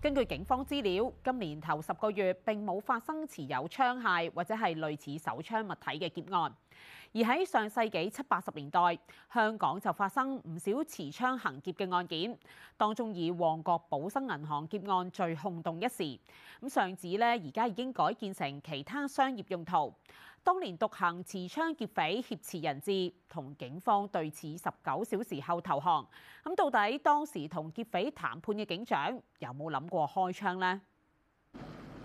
根據警方資料，今年頭十個月並冇發生持有槍械或者係類似手槍物體嘅劫案。而喺上世紀七八十年代，香港就發生唔少持槍行劫嘅案件，當中以旺角寶生銀行劫案最轟動一時。咁上址呢，而家已經改建成其他商業用途。當年獨行持槍劫匪挾持人質，同警方對峙十九小時後投降。咁到底當時同劫匪談判嘅警長有冇諗過開槍呢？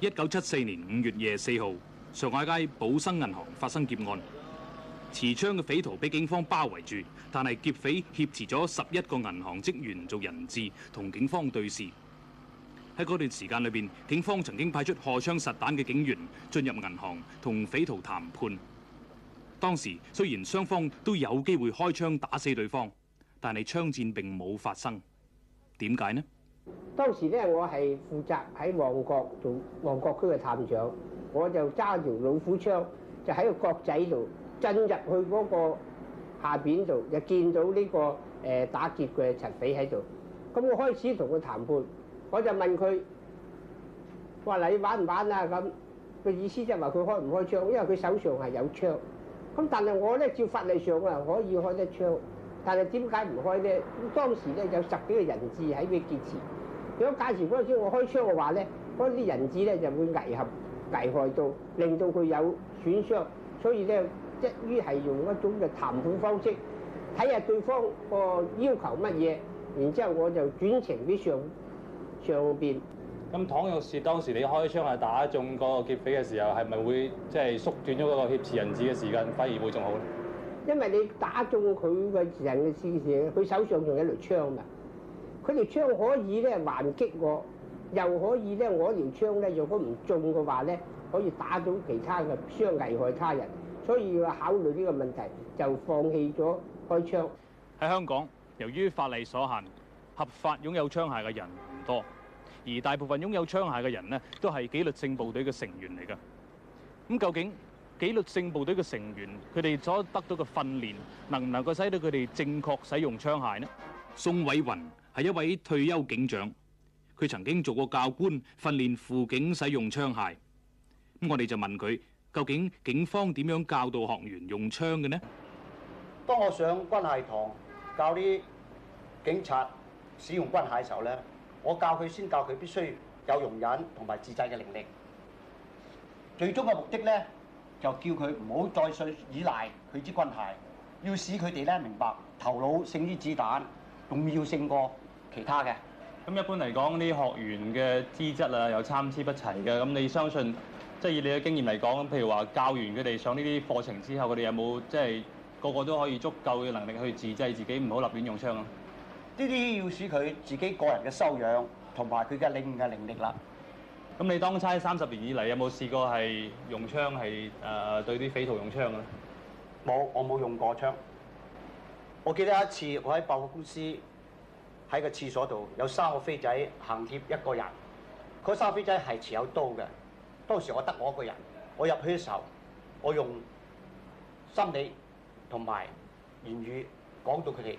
一九七四年五月廿四號，上海街寶生銀行發生劫案，持槍嘅匪徒被警方包圍住，但係劫匪挾持咗十一個銀行職員做人質，同警方對峙。喺嗰段時間裏邊，警方曾經派出荷槍實彈嘅警員進入銀行同匪徒談判。當時雖然雙方都有機會開槍打死對方，但係槍戰並冇發生。點解呢？當時呢，我係負責喺旺角做旺角區嘅探長，我就揸住老虎槍，就喺個角仔度進入去嗰個下邊度，就見到呢個誒打劫嘅賊匪喺度。咁我開始同佢談判。我就問佢：話你玩唔玩啊？咁個意思就係話佢開唔開槍，因為佢手上係有槍。咁但係我咧，照法例上啊，可以開得槍，但係點解唔開咧？當時咧有十幾個人質喺佢面前，如果假設嗰陣時我開槍嘅話咧，嗰啲人質咧就會危合危害到，令到佢有損傷。所以咧，一於係用一種嘅談判方式，睇下對方個、呃、要求乜嘢，然之後我就轉呈俾上。上邊咁，倘若是當時你開槍係打中個劫匪嘅時候，係咪會即係、就是、縮短咗嗰個挾持人質嘅時間，反而會仲好咧？因為你打中佢嘅人嘅事時，佢手上仲有條槍㗎。佢條槍可以咧還擊我，又可以咧我條槍咧如果唔中嘅話咧，可以打到其他嘅，傷危害他人。所以話考慮呢個問題，就放棄咗開槍。喺香港，由於法例所限。合法擁有槍械嘅人唔多，而大部分擁有槍械嘅人呢，都係紀律性部隊嘅成員嚟㗎。咁究竟紀律性部隊嘅成員，佢哋所得到嘅訓練，能唔能夠使到佢哋正確使用槍械呢？宋偉雲係一位退休警長，佢曾經做過教官，訓練輔警使用槍械。咁我哋就問佢，究竟警方點樣教導學員用槍嘅呢？當我上軍械堂教啲警察，使用軍械嘅時候咧，我教佢先教佢必須有容忍同埋自制嘅能力。最終嘅目的咧，就叫佢唔好再信依賴佢支軍械，要使佢哋咧明白頭腦勝於子彈，仲要勝過其他嘅。咁一般嚟講，啲學員嘅資質啊有參差不齊嘅，咁你相信即係以你嘅經驗嚟講，譬如話教完佢哋上呢啲課程之後，佢哋有冇即係個個都可以足夠嘅能力去自制自己，唔好立亂用槍啊？呢啲要使佢自己個人嘅修養同埋佢嘅領悟嘅能力啦。咁你當差三十年以嚟，有冇試過係用槍係誒對啲匪徒用槍啊？冇，我冇用過槍。我記得有一次，我喺百貨公司喺個廁所度，有三個飛仔行劫一個人。嗰三個飛仔係持有刀嘅。當時我得我一個人，我入去嘅時候，我用心理同埋言語講到佢哋。